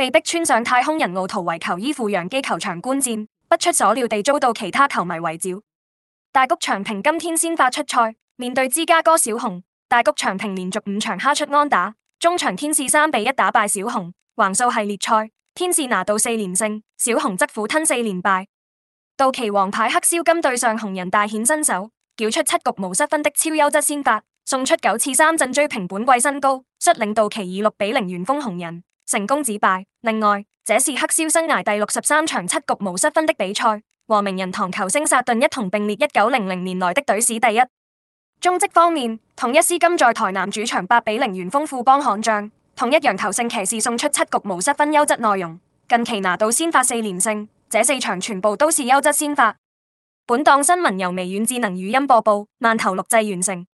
被迫穿上太空人奧圖維球衣赴洋基球場觀戰，不出所料地遭到其他球迷圍剿。大谷翔平今天先發出賽，面對芝加哥小熊，大谷翔平連續五場敲出安打，中場天使三比一打敗小熊橫掃系列賽，天使拿到四連勝，小熊則苦吞四連敗。道奇王牌黑燒金對上紅人，大顯身手，繳出七局無失分的超優質先發，送出九次三振追平本季新高。率領道奇以六比零完封紅人，成功止敗。另外，這是黑消生涯第六十三場七局無失分的比賽，和名人堂球星薩頓一同並列一九零零年來的隊史第一。中職方面，統一獅今在台南主場八比零完封富邦悍將，統一洋投勝騎士送出七局無失分，優質內容。近期拿到先發四連勝，這四場全部都是優質先發。本檔新聞由微軟智能語音播報，慢頭錄製完成。